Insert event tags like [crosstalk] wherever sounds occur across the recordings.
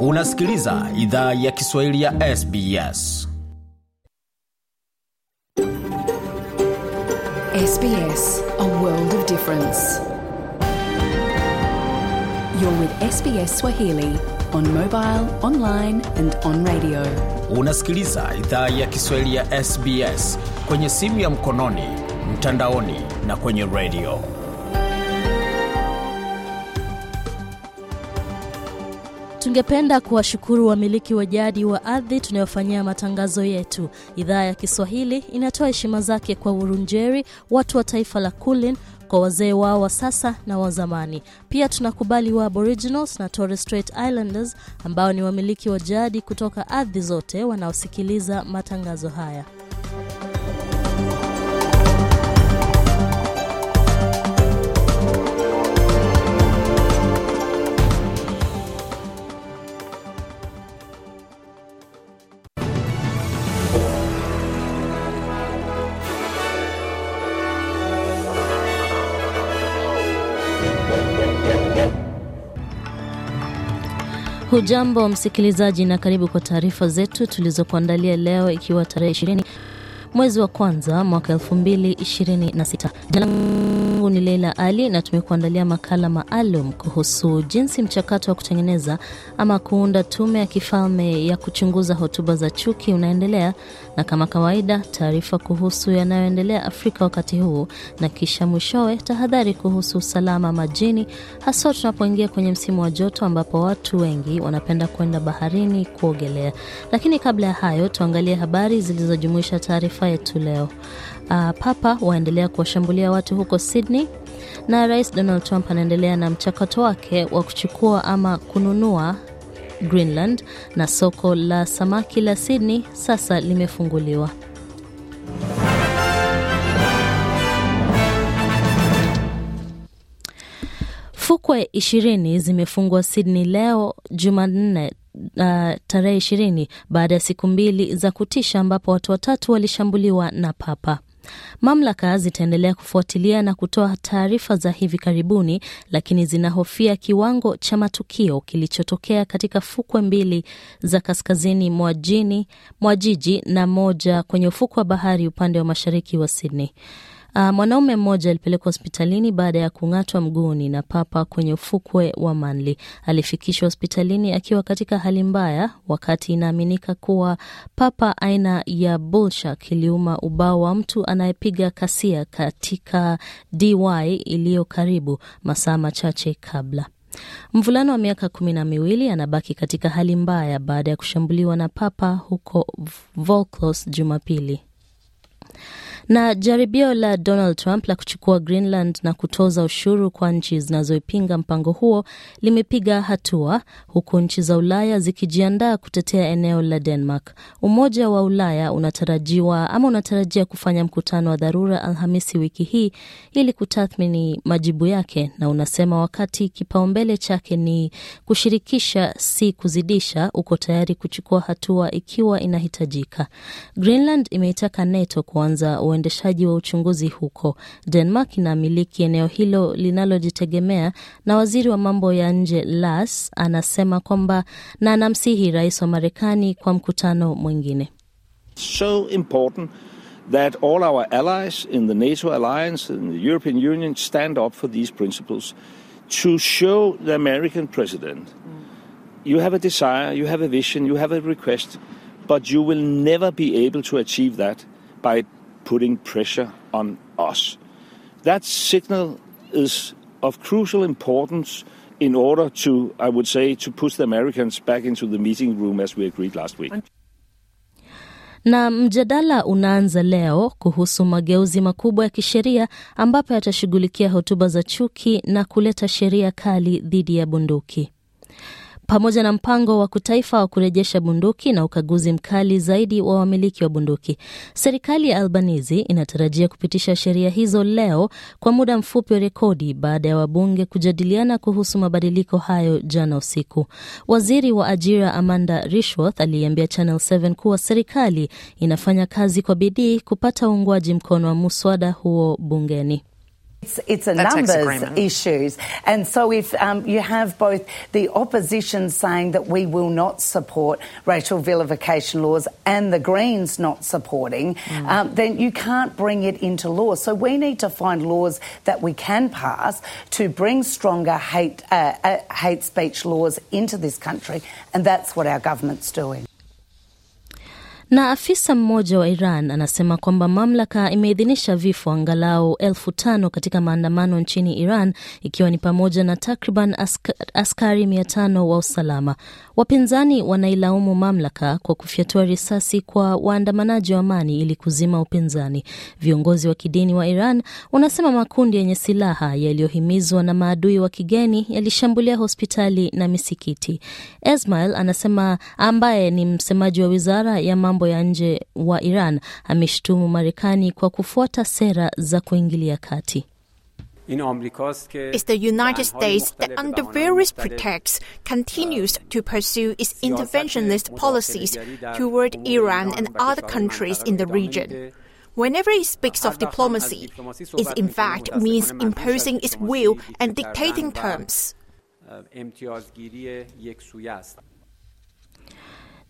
Unasikiliza idhaa ya Kiswahili ya SBS. SBS, a world of difference. You're with SBS Swahili on mobile, online and on radio. Unasikiliza idhaa ya Kiswahili ya SBS kwenye simu ya mkononi, mtandaoni na kwenye radio. Tungependa kuwashukuru wamiliki wa jadi wa ardhi tunayofanyia matangazo yetu. Idhaa ya Kiswahili inatoa heshima zake kwa Urunjeri, watu wa taifa la Kulin, kwa wazee wao wa sasa na wazamani Pia tunakubali wa Aboriginals na Torres Strait Islanders ambao ni wamiliki wa jadi kutoka ardhi zote wanaosikiliza matangazo haya. Hujambo msikilizaji, na karibu kwa taarifa zetu tulizokuandalia leo, ikiwa tarehe ishirini mwezi wa kwanza mwaka 2026. Jina langu ni Leila Ali na tumekuandalia makala maalum kuhusu jinsi mchakato wa kutengeneza ama kuunda tume ya kifalme ya kuchunguza hotuba za chuki unaendelea, na kama kawaida, taarifa kuhusu yanayoendelea Afrika wakati huu, na kisha mwishowe tahadhari kuhusu usalama majini, haswa tunapoingia kwenye msimu wa joto ambapo watu wengi wanapenda kwenda baharini kuogelea. Lakini kabla ya hayo, tuangalie habari zilizojumuisha taarifa yetu leo. Uh, papa waendelea kuwashambulia watu huko Sydney na Rais Donald Trump anaendelea na mchakato wake wa kuchukua ama kununua Greenland na soko la samaki la Sydney sasa limefunguliwa. Fukwe ishirini zimefungwa Sydney leo Jumanne uh, tarehe ishirini baada ya siku mbili za kutisha ambapo watu watatu walishambuliwa na papa. Mamlaka zitaendelea kufuatilia na kutoa taarifa za hivi karibuni, lakini zinahofia kiwango cha matukio kilichotokea katika fukwe mbili za kaskazini mwa jiji na moja kwenye ufukwe wa bahari upande wa mashariki wa Sydney. Uh, mwanaume mmoja alipelekwa hospitalini baada ya kung'atwa mguuni na papa kwenye ufukwe wa Manly. Alifikishwa hospitalini akiwa katika hali mbaya, wakati inaaminika kuwa papa aina ya bullshark iliuma ubao wa mtu anayepiga kasia katika dy iliyo karibu masaa machache kabla. mvulano wa miaka kumi na miwili anabaki katika hali mbaya baada ya kushambuliwa na papa huko Vaucluse Jumapili. Na jaribio la Donald Trump la kuchukua Greenland na kutoza ushuru kwa nchi zinazoipinga mpango huo limepiga hatua, huku nchi za Ulaya zikijiandaa kutetea eneo la Denmark. Umoja wa Ulaya unatarajiwa ama unatarajia kufanya mkutano wa dharura Alhamisi wiki hii ili kutathmini majibu yake, na unasema wakati kipaumbele chake ni kushirikisha, si kuzidisha, uko tayari kuchukua hatua ikiwa inahitajika. Greenland imeitaka NATO kuanza uendeshaji wa uchunguzi huko. Denmark inamiliki eneo hilo linalojitegemea, na waziri wa mambo ya nje Lars anasema kwamba, na anamsihi rais wa Marekani kwa mkutano mwingine. So important that all our allies in the NATO alliance and the European Union stand up for these principles to show the American president you have a desire, you have a vision, you have a request, but you will never be able to achieve that by putting pressure on us. That signal is of crucial importance in order to, I would say, to push the Americans back into the meeting room as we agreed last week. Na mjadala unaanza leo kuhusu mageuzi makubwa ya kisheria ambapo yatashughulikia hotuba za chuki na kuleta sheria kali dhidi ya bunduki pamoja na mpango wa kitaifa wa kurejesha bunduki na ukaguzi mkali zaidi wa wamiliki wa bunduki. Serikali ya Albanizi inatarajia kupitisha sheria hizo leo kwa muda mfupi wa rekodi baada ya wabunge kujadiliana kuhusu mabadiliko hayo jana usiku. Waziri wa ajira Amanda Rishworth aliiambia Channel 7 kuwa serikali inafanya kazi kwa bidii kupata uungwaji mkono wa muswada huo bungeni. It's, it's a numbers issues. And so if um, you have both the opposition saying that we will not support racial vilification laws and the Greens not supporting, mm. um, then you can't bring it into law. So we need to find laws that we can pass to bring stronger hate, uh, uh, hate speech laws into this country. And that's what our government's doing. Na afisa mmoja wa Iran anasema kwamba mamlaka imeidhinisha vifo angalau elfu tano katika maandamano nchini Iran, ikiwa ni pamoja na takriban askari mia tano wa usalama. Wapinzani wanailaumu mamlaka kwa kufyatua risasi kwa waandamanaji wa amani ili kuzima upinzani. Viongozi wa kidini wa Iran wanasema makundi yenye silaha yaliyohimizwa na maadui wa kigeni yalishambulia hospitali na misikiti. Esmail anasema, ambaye ni msemaji wa wizara ya mambo mambo ya nje wa Iran Marekani kwa kufuata sera za kuingilia kati. It's the United States that, under various pretexts, continues to pursue its interventionist policies toward Iran and other countries in the region. Whenever it speaks of diplomacy, it in fact means imposing its will and dictating terms.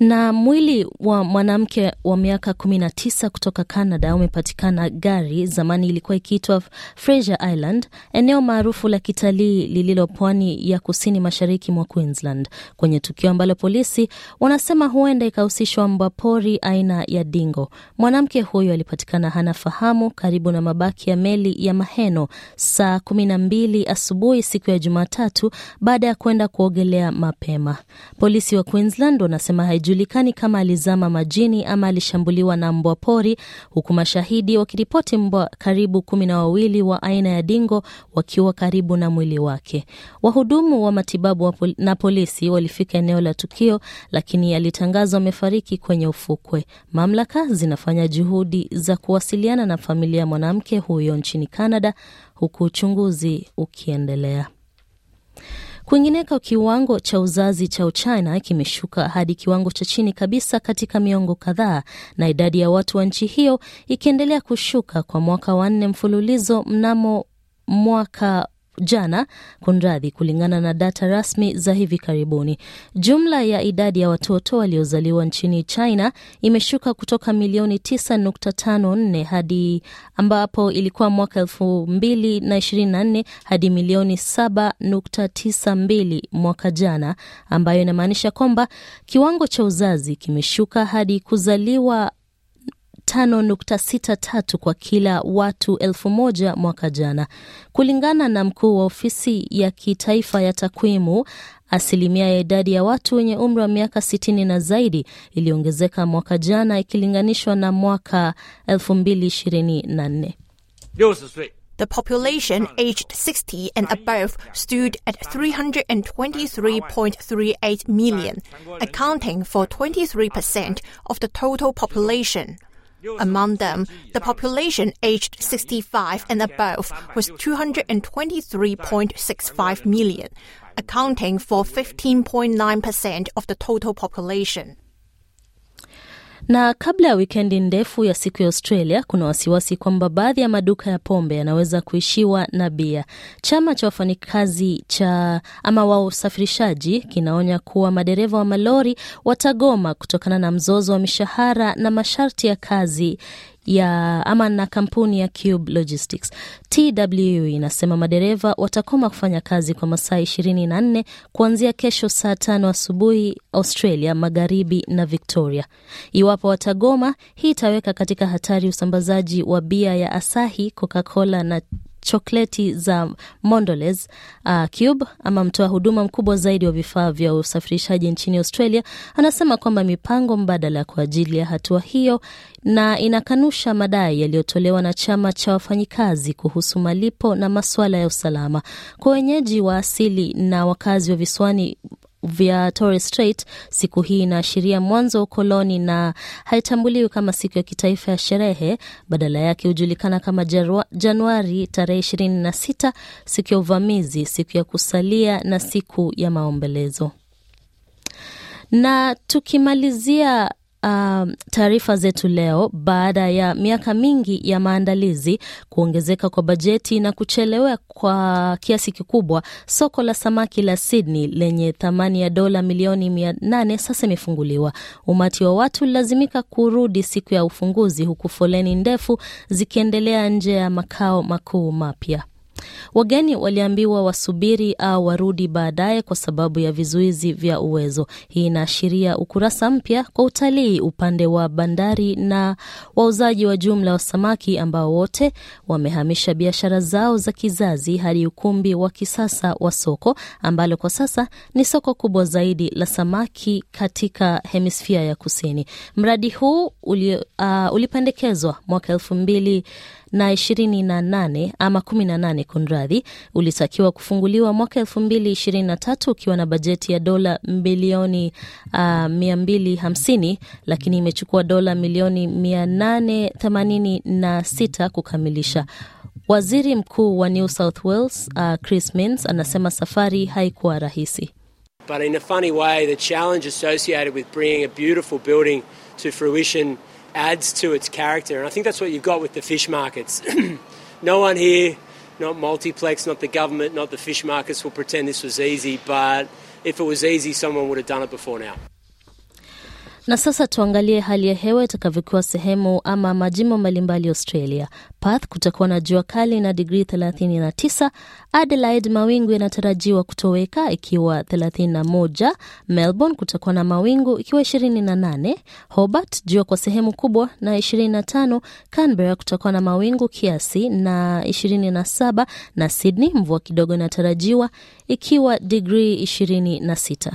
Na mwili wa mwanamke wa miaka kumi tisa kutoka Canada umepatikana Gari, zamani ilikuwa ikiitwa Fraser Island, eneo maarufu la kitalii lililo pwani ya kusini mashariki mwa Queensland, kwenye tukio ambalo polisi wanasema huenda ikahusishwa mbwa pori aina ya dingo. Mwanamke huyo alipatikana hana fahamu karibu na mabaki ya meli ya Maheno saa kumi na mbili asubuhi siku ya Jumatatu baada ya kwenda kuogelea mapema. Polisi wa Queensland wanasema hajulikani kama alizama majini ama alishambuliwa na mbwa pori, huku mashahidi wakiripoti mbwa karibu kumi na wawili wa aina ya dingo wakiwa karibu na mwili wake. Wahudumu wa matibabu wa pol na polisi walifika eneo la tukio, lakini alitangazwa amefariki kwenye ufukwe. Mamlaka zinafanya juhudi za kuwasiliana na familia ya mwanamke huyo nchini Canada, huku uchunguzi ukiendelea. Kwingineko, kiwango cha uzazi cha Uchina kimeshuka hadi kiwango cha chini kabisa katika miongo kadhaa, na idadi ya watu wa nchi hiyo ikiendelea kushuka kwa mwaka wa nne mfululizo mnamo mwaka jana, kunradhi, kulingana na data rasmi za hivi karibuni. Jumla ya idadi ya watoto waliozaliwa nchini China imeshuka kutoka milioni 9.54 hadi ambapo ilikuwa mwaka 224 hadi milioni 7.92 mwaka jana, ambayo inamaanisha kwamba kiwango cha uzazi kimeshuka hadi kuzaliwa 5.63 kwa kila watu elfu moja mwaka jana, kulingana na mkuu wa ofisi ya kitaifa ya takwimu. Asilimia ya idadi ya watu wenye umri wa miaka 60 na zaidi iliongezeka mwaka jana ikilinganishwa na mwaka 2024. The population aged 60 and above stood at 323.38 million, accounting for 23% of the total population. Among them, the population aged 65 and above was 223.65 million, accounting for 15.9% of the total population. Na kabla ya wikendi ndefu ya siku ya Australia, kuna wasiwasi kwamba baadhi ya maduka ya pombe yanaweza kuishiwa na bia. Chama cha wafanyikazi cha ama wa usafirishaji kinaonya kuwa madereva wa malori watagoma kutokana na mzozo wa mishahara na masharti ya kazi ya ama na kampuni ya Cube Logistics. TW inasema madereva watakoma kufanya kazi kwa masaa 24 kuanzia kesho saa tano asubuhi Australia Magharibi na Victoria. Iwapo watagoma, hii itaweka katika hatari usambazaji wa bia ya Asahi, Coca-Cola na chokleti za Mondelez uh, Cube ama mtoa huduma mkubwa zaidi wa vifaa vya usafirishaji nchini Australia anasema kwamba mipango mbadala kwa ajili ya hatua hiyo, na inakanusha madai yaliyotolewa na chama cha wafanyikazi kuhusu malipo na masuala ya usalama kwa wenyeji wa asili na wakazi wa visiwani vya Torres Strait. Siku hii inaashiria mwanzo wa ukoloni na haitambuliwi kama siku ya kitaifa ya sherehe. Badala yake hujulikana kama Januari tarehe ishirini sita, siku ya uvamizi, siku ya kusalia na siku ya maombolezo. Na tukimalizia um, taarifa zetu leo. Baada ya miaka mingi ya maandalizi, kuongezeka kwa bajeti na kuchelewa kwa kiasi kikubwa, soko la samaki la Sydney lenye thamani ya dola milioni mia nane sasa imefunguliwa. Umati wa watu ulilazimika kurudi siku ya ufunguzi, huku foleni ndefu zikiendelea nje ya makao makuu mapya. Wageni waliambiwa wasubiri au warudi baadaye kwa sababu ya vizuizi vya uwezo. Hii inaashiria ukurasa mpya kwa utalii upande wa bandari na wauzaji wa jumla wa samaki ambao wote wamehamisha biashara zao za kizazi hadi ukumbi wa kisasa wa soko ambalo kwa sasa ni soko kubwa zaidi la samaki katika hemisfia ya kusini. Mradi huu uli, uh, ulipendekezwa mwaka elfu mbili na ishirini na nane ama kumi na nane kunradhi, ulitakiwa kufunguliwa mwaka elfu mbili ishirini na tatu ukiwa na bajeti ya dola bilioni uh, mia mbili hamsini lakini imechukua dola milioni mia nane themanini na sita kukamilisha. Waziri Mkuu wa New South Wales uh, Chris Minns anasema safari haikuwa rahisi. But in a funny way, the challenge associated with bringing a beautiful building to fruition adds to its character. And I think that's what you've got with the fish markets. [clears throat] no one here, not multiplex, not the government, not the fish markets, will pretend this was easy, but if it was easy, someone would have done it before now. Na sasa tuangalie hali ya hewa itakavyokuwa sehemu ama majimbo mbalimbali Australia. Perth kutakuwa na jua kali na digri 39. Adelaide mawingu yanatarajiwa kutoweka ikiwa 31. Melbourne kutakuwa na mawingu ikiwa 28. Hobart jua kwa sehemu kubwa na 25. Canberra kutakuwa na mawingu kiasi na 27, na Sydney mvua kidogo inatarajiwa ikiwa digri 26.